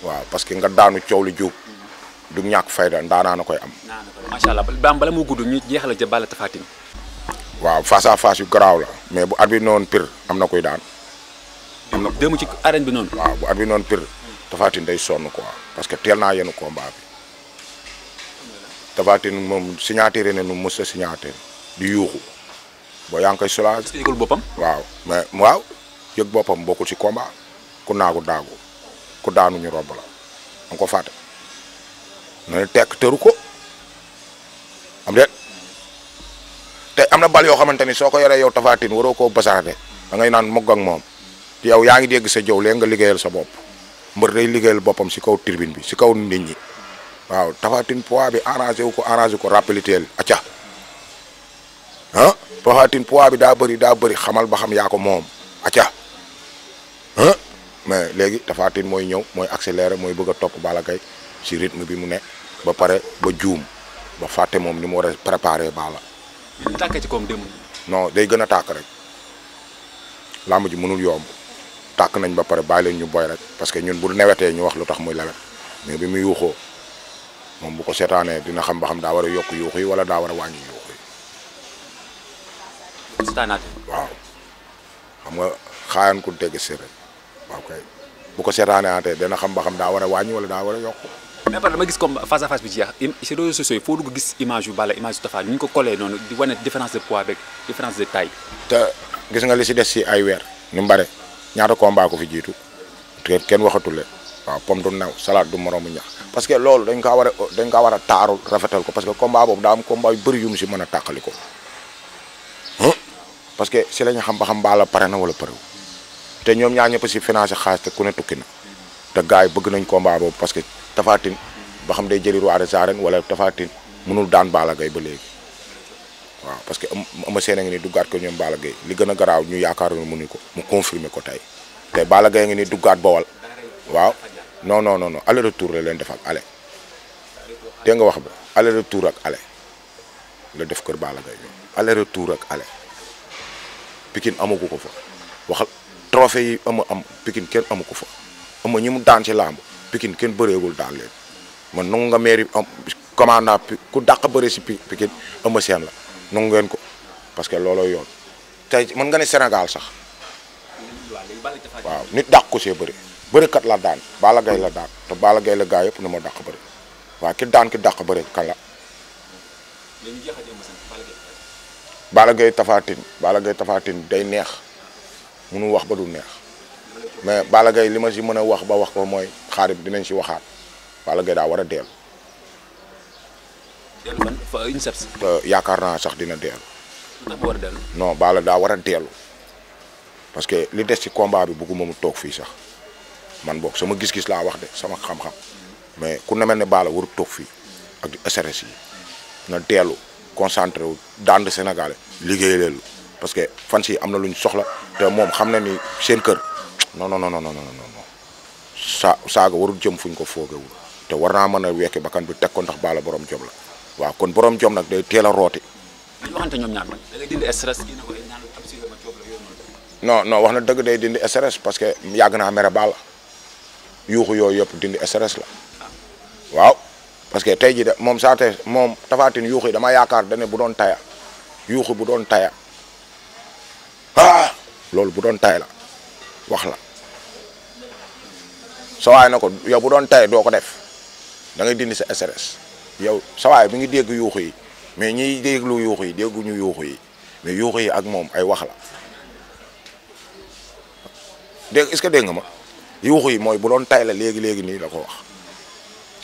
waaw parce que nga daanu coow li juub du ñàkk fayda ndaanaa na koy am. baam bala moo gudd ñu jeexal ca Balla Tapha Tine. waaw face à yu garaaw la mais bu arbitre bi noonu pire am na koy daan. am waaw parce que teel naa yenn combat bi. moom signature ne nu mu signature di yuuxu boo yaa ngi yëgul boppam. waaw mais waaw yëg boppam bokkul ci combat ku naagu daagu. ku daanuñu robb la da ko fàtte noonu tekk teru ko am déet te am na bal yoo xamante ni soo ko yoree yow tafaatin waroo koo basaate da ngay naan mugg moom yow yaa ngi dégg sa jow léegi nga liggéeyal sa bopp mbër day liggéeyal boppam si kaw tribune bi si kaw nit waaw tafaatin poids bi arrangé wu ko arrangé ko rappeliteel acca ah tafaatin poids bi daa bëri daa bëri xamal ba xam yaa ko moom acca mais léegi Tapha mooy ñëw mooy accéléré mooy bëgg a topp Balla Gaye si rythme bi mu ne ba pare ba juum ba fàtte moom ni mu war a préparé Balla. tàkk ci koom démb. non day gën a tàkk rek làmb ji mënul yomb tàkk nañ ba pare bàyyi leen ñu boy rek parce que ñun bu newetee ñu wax lu tax muy lewet mais bi mu yuuxoo moom bu ko seetaanee dina xam ba xam daa war a yokk yuuxu yi wala daa war a wàññi yuuxu yi. waaw xam nga xaayaan ku dégg séeréer waaw kay bu ko seetaanee ah tey dana xam ba daa war a wàññi daa war a yokk. mais par dama gis comme face à face bi jeex si réseaux sociaux yi foo dugg gis image yu Balla image yu Tapha ñu ko collé noonu différence de poids beeg différence de taille. te gis nga li des si ay weer ni mu bare ñaata ko fi jiitu kenn waxatul leen waaw pomme du new salade du u ñax parce que loolu dañ kaa war dañ kaa war a taaru rafetal ko parce que combat boobu daa am combat yu ko hmm? parce que si la xam ba xam Balla pare na wala parewu te ñoom ñaa ñëpp si financé xaalis te ku ne tukki na te gars yi bëgg nañ combat boobu parce que Tafatine ba xam day jëli roi des arènes wala Tafatine mënul daan Balla gay ba léegi waaw parce que ama seen a ngi ni duggaat ko ñoom Balla Gaye li gën a garaaw ñu mu mënuñ ko mu confirmer ko tey te Balla Gaye ngi ni duggaat bawal waaw non non non aller tour la leen defal ale dégg nga wax ba aller ak ale la def kër Balla Gaye ak ale Pikine amagu ko fa waxal trophée yi ama am Pikine kenn amu ko fa ama ñi mu daan ci làmb Pikine kenn bëreegul daan leen man nangu nga mairie am ku dàq bëre si Pikine ama seen la nangu ngeen ko parce que looloo yoon te mën nga ne Sénégal sax waaw nit dàq ko see bëri bërikat la daan Balla Gaye la daan te Balla Gaye la gaa yëpp na ma dàq bëri waaw ki daan ki dàq bëri kan la Balla Gaye Tapha Tine Balla Gaye day neex munu wax ba du neex mais bala gay li ma si mën a wax ba wax ko mooy xaar dinañ si waxaat Balla Gaye daa war a deel. dellu man fa yaakaar naa sax dina deel. ndax war a dellu. non Balla daa war a dellu parce que li des ci combat bi bëgguma mu toog fii sax man boog sama gis-gis laa wax de sama xam-xam mais ku ne mel ne Balla warut toog fii ak di SRS yi na dellu concentré wu daan Sénégal liggéey leelu parce que fan si am na lu soxla te moom xam na ni seen kër non non non non non saaga warul jëm fuñ ko foogewul te war naa mën a wekki bakkan bi teg ko ndax baala borom jom waaw kon borom jom nag day teel a rooti. dañu waxante ñoom wax na dëgg day dindi stress parce que yàgg naa mere baala yuuxu yooyu yëpp dindi stress la waaw parce que tey jii de moom saa moom tafaatin yuuxu yi dama yaakaar da bu doon taya yuuxu bu doon taya. ah loolu bu doon tay la wax la sawaay na ko yow bu doon tay doo ko def da dindi sa stress yow sawaay bi ngi dégg yuuxu yi mais ñiy déglu yuuxu yi dégguñu yuuxu yi mais yuuxu yi ak moom ay wax la dégg ma yuuxu yi mooy bu doon tay la léegi léegi nii la ko wax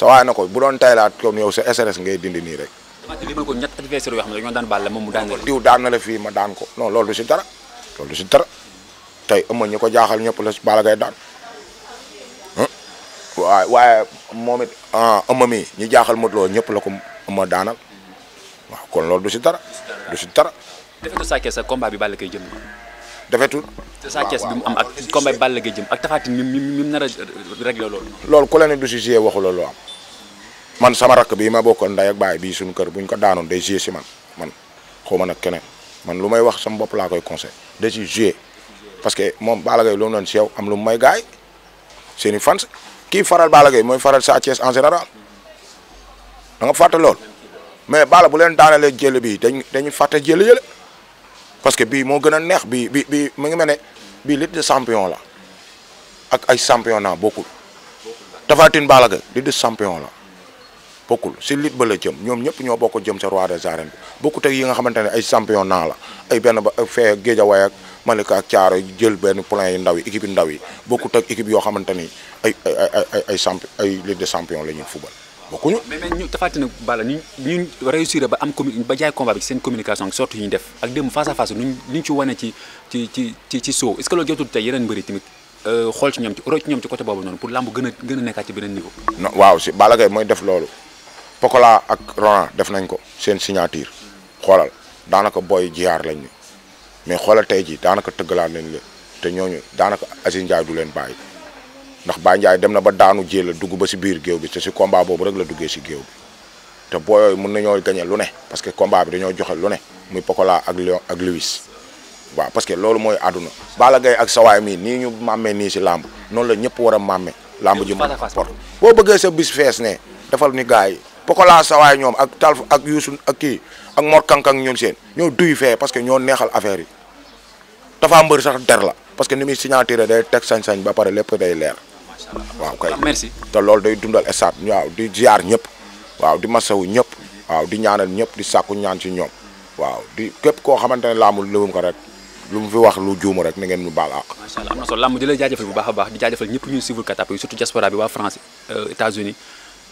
sawaay na ko bu doon tay laat dindi nii rek. li daan baal na la fii ma daan ko non loolu si dara. tollu si dara tey ëmma ñu ko jaaxal ñëpp la si Balla Gaye daan waaye waaye moom it ëmma ah, mi ñu jaaxal Modou Lo ñëpp la ko ëmma daanal waaw kon loolu du si dara du si dara. defetu Sa Thiès sa combat bi Balla Gaye jëm. defetu. Sa Thiès ak combat bi Balla Gaye jëm ak Tapha Tine mi mi mi nar a loolu. loolu ku la ne du si gée waxu loolu am man sama rakk bii ma bokkoon nday ak baay bii suñu kër buñ ko daanoon day gée si man man xaw ma nag keneen. man lu may wax sama bopp laa koy conseil da ci jouer parce que moom Balla Gaye lu mu doon si am lu mu may gaay seen i fans kii faral bala gay mooy faral Sa Thiès en général da nga lool mais bala bu leen daanelee jël bii dañ dañuy fàtte jël yële parce que bii moo gën a neex bii bi bii mu ngi mel ne bii lutte de champion la ak ay championnat bokkul Tapha Tine Balla Gaye de champion la bokkul si lit ba la jëm ñoom ñëpp ñoo bokk jëm sa roi des arènes bi bokkut ak yi nga xamante ne ay champion naa la ay benn ba fee Guédiawaye ak Malika ak Thiaro jël benn plan yu ndaw yi équipe yu ndaw yi bokkut ak équipe yoo xamante ni ay ay ay ay champ ay ligue de champion la ñuy fubal bokkuñu. mais mais ñu Tapha Tine Balla ñu ñu réussir ba am commune ba jaay combat bi ci seen communication ak sorte ñu def ak démb face à tamit. Euh, xool ci ñoom ci roc ci ñoom ci boobu noonu pour lamb gën a gën a nekkaat ci beneen Pokola ak Rona def nañ ko seen signature xoolal daanaka booy jiyaar lañ ñu mais xoolal tey ji daanaka tëggalaat nañ la te ñooñu daanaka Aziz Ndiaye du leen baay ndax Baye Ndiaye dem na ba daanu la dugg ba si biir géew bi te si combat boobu rek la duggee si géew bi te booyooyu mën nañoo gagné lu ne parce que combat bi dañoo joxe lu ne muy Pokola ak Lion ak Lewis waaw parce que loolu mooy àdduna Balla Gaye ak sawaay mii nii ñu màmmee nii si làmb noonu la ñëpp war a màmmee làmb ji mën a port boo bëggee ne defal ni gars Pokola Sawaay ñoom ak Talf ak ak kii ak Mor Kankang ñoom seen ñoo duy fee parce que ñoo neexal affaire yi dafa mbër sax der la parce que ni si signature day teg sañ-sañ ba pare lépp day leer. waaw kay merci te loolu day dundal stade waaw di ziar ñëpp waaw di masawu ñëpp waaw di ñaanal ñëpp di sàkku ñaan ci ñoom waaw di képp koo xamante ne laamul lëwum ko rek lu mu fi wax lu juumu rek na ngeen mu baal àq. macha allah am bu baax baax di jaajëfal ñëpp ñuy suivre Catapult surtout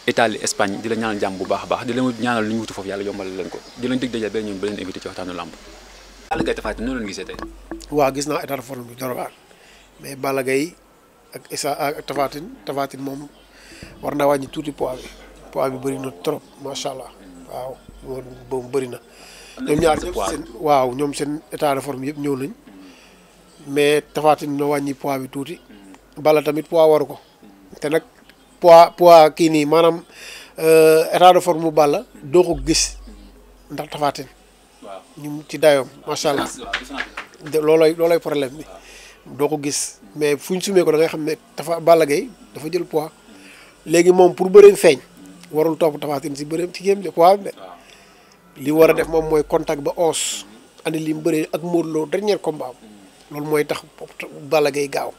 Italie Espagne di la ñaanal jàmm bu baax baax di la ñaanal lu ñu wutu foofu yàlla yombal leen ko di leen dig dajal benn ñoom ba leen invité ci waaw mais Balla Gaye ak Issa ak Tapha moom war naa wàññi tuuti poids bi poids bi bëri na trop macha allah waaw loolu boobu bëri na ñoom ñaar seen waaw ñoom seen état de yëpp ñëw nañ mais Tapha Tine wàññi poids bi tuuti Balla tamit poids waru ko te nag pois pois kii nii maanaam euh, état de forme bu Balla doo ko gis ndax Tapha Tine ñu ci dayoom macha allah loolooy loolooy problème bi doo ko gis mais fu ñu sumee ko da ngay xam ne dafa Balla Gaye dafa jël pois léegi moom pour bëri feeñ warul topp Tapha si bëreem ci yéen poids am li war a def moom mooy contact ba os andi lii mu bëree ak Modou Lo dernier combat mm. loolu mooy tax Balla gay gaaw.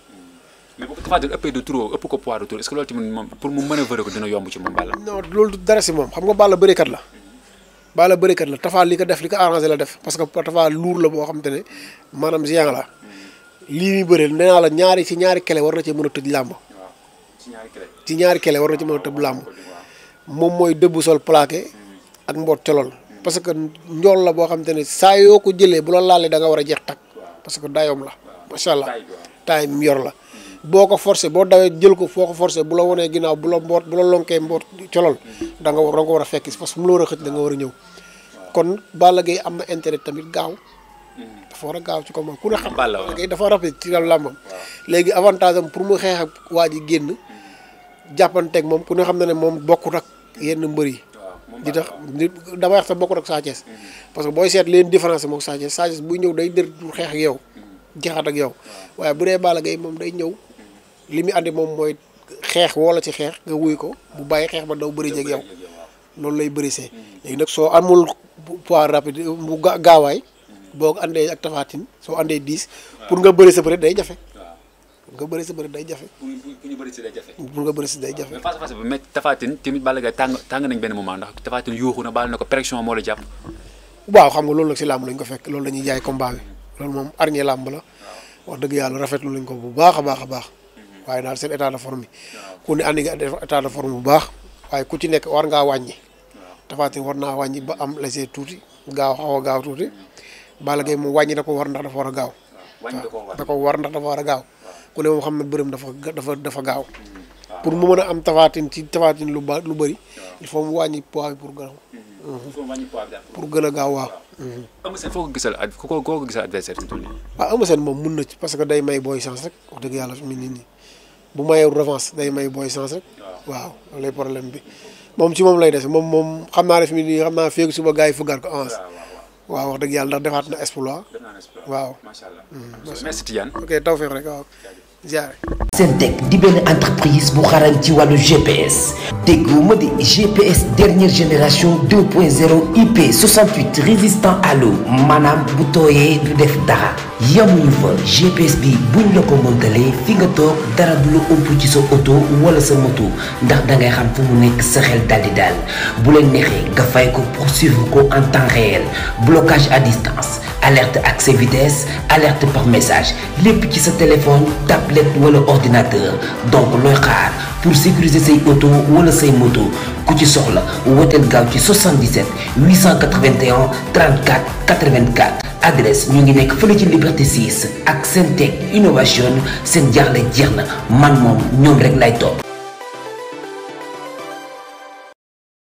mais bu ko Tapha Tine ko poids de trop loolu moom pour mu manœuvrer ko dina yomb ci moom Balla. non loolu dara si moom xam nga Balla bëreekat la Balla bëreekat la Tapha li ko def li ko arrangé la def parce que Tapha luur la boo xam te ne maanaam géant la lii muy bëreel nee naa la ñaari ci ñaari kele war na cee mën a tëj làmb. ci ñaari kele war na ci mën a tëb làmb moom mooy dëbb sol plaqué ak mboot colol parce que njool la boo xam te ne saa yoo ko jëlee bu la laalee da nga war a jeex tak parce que dayoom la macha allah taay mi yor la boo ko forcé boo dawee jël ko foo ko forcé bu la wonee ginnaaw bu la mboot bu la lonkee mboot colol da war da nga war a fekk parce que mu la war a xëcc da war a ñëw kon Balla Gaye am na intérêt tamit gaaw dafa war a gaaw ci combat ku ne xam Balla Gaye dafa rapide ci làmbam léegi avantage am pour mu xeex ak waa ji génn jàppanteeg moom ku ne xam na ne moom bokkut ak yenn mbër yi di tax dama wax sax bokkut ak Sa Thiès mm-hmm. que booy seet leen différence mook Sa Thiès buy ñëw day dër du xeex yow jaxaat ak yow mm-hmm. waaye bu dee Balla Gaye moom day ñëw li mu andi moom mooy xeex woola ci xeex nga wuy ko bu bàyyi xeex ba daw bëri jeeg yow loolu lay bëri see léegi nag soo amul poids rapide bu gaawaay mm-hmm. boo andee ak tafaatin soo andee diis pour nga bëri sa bëri day jafe. nga bëri si bëri day jafe. pour ñu bëri si day jafe. pour nga bëri si day jafe. mais face tàng nañ benn moment ndax Tafatine yuuxu na baal na ko pression jàpp. waaw xam nga loolu nag làmb lañ ko fekk loolu la jaay combat bi loolu moom arñe làmb la wax dëgg yàlla rafetlu lañ ko bu baax a baax a baax waaye daal seen état de forme bi ku ne andi nga état de bu baax waaye ku ci nekk war ngaa wàññi Tapha Tine war naa wàññi ba am laissé tuuti gaaw xaw a gaaw tuuti Balla Gaye moom wàññi da ko war ndax dafa war a gaaw da ko ndax dafa war a gaaw ku ne moom xam ne bërëm dafa dafa dafa gaaw mm-hmm. pour mu mën a am Tapha ci Tapha Tine lu ba bëri il mu wàññi poids bi pour gën mm-hmm. mm-hmm. a pour gën a gaaw waaw Eumeu Sène foo ko gisal ad foo ko gisal adversaire ah, mun na ci parce que day may booy chance rek wax dëgg yàlla fi mu ne nii bu mayewul revanche day may booy chance rek waaw loolu lay problème bi moom ci moom lay des moom moom xam naa ref mi nii xam naa feegu suba gars yi fuggaat ko avance waaw wax dëgg yàlla ndax defaat na exploit waaw mm, merci Tidiane ok tawfeex rek waaw jaare Sentec di benn entreprise bu xarañ ci wàllu GPS dégguma di GPS dernière génération 2.0 IP 68 résistant à l'eau maanaam bu tooyee du def dara yamuñu fa GPS bi buñ la ko montalee fi nga toog dara du la ëpp ci sa oto wala sa moto ndax dangay xam fu mu nekk sa xel daldi daal bu neexee nga fay ko poursuivre ko en temps réel blocage à distance alerte accès vitesse alerte par message lépp ci sa téléphone tablette wala ordinateur donc looy xaar pour sécuriser say auto wala say moto ku ci soxla wooteel gaaw ci 77 881 34 84 adresse ñu ngi nekk fële ci Liberté 6 ak seen Sentec Innovation seen jaaxle jeex na man moom ñoom rek lay topp.